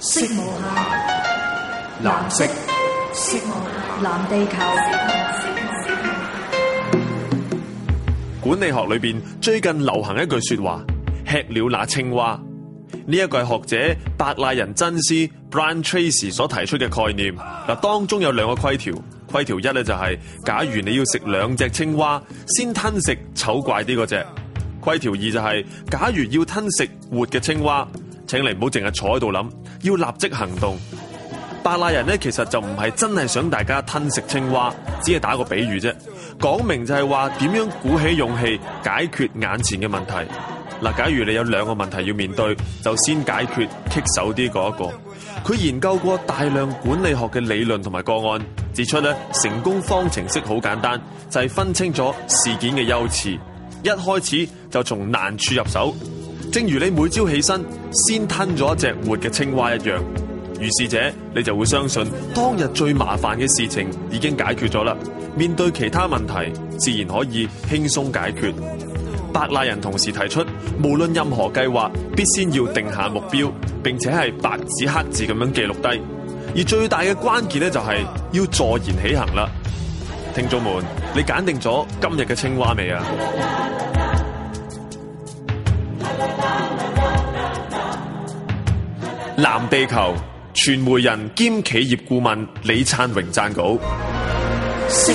色無暇，藍色。色無藍地球。色色色色管理學裏邊最近流行一句說話，吃了那青蛙。呢一句係學者白賴仁真斯 Brian Tracy） 所提出嘅概念。嗱，當中有兩個規條，規條一咧就係、是，假如你要食兩隻青蛙，先吞食醜怪啲嗰隻。規條二就係、是，假如要吞食活嘅青蛙。請你唔好淨係坐喺度諗，要立即行動。白賴仁咧其實就唔係真係想大家吞食青蛙，只係打個比喻啫，講明就係話點樣鼓起勇氣解決眼前嘅問題。嗱，假如你有兩個問題要面對，就先解決棘手啲嗰一個。佢研究過大量管理學嘅理論同埋個案，指出咧成功方程式好簡單，就係分清楚事件嘅優次，一開始就從難處入手。正如你每朝起身先吞咗一隻活嘅青蛙一樣，如是者你就會相信當日最麻煩嘅事情已經解決咗啦。面對其他問題，自然可以輕鬆解決。白賴仁同時提出，無論任何計劃，必先要定下目標，並且係白紙黑字咁樣記錄低。而最大嘅關鍵咧，就係要坐言起行啦。聽眾們，你揀定咗今日嘅青蛙未啊？藍地球傳媒人兼企業顧問李燦榮撰稿。息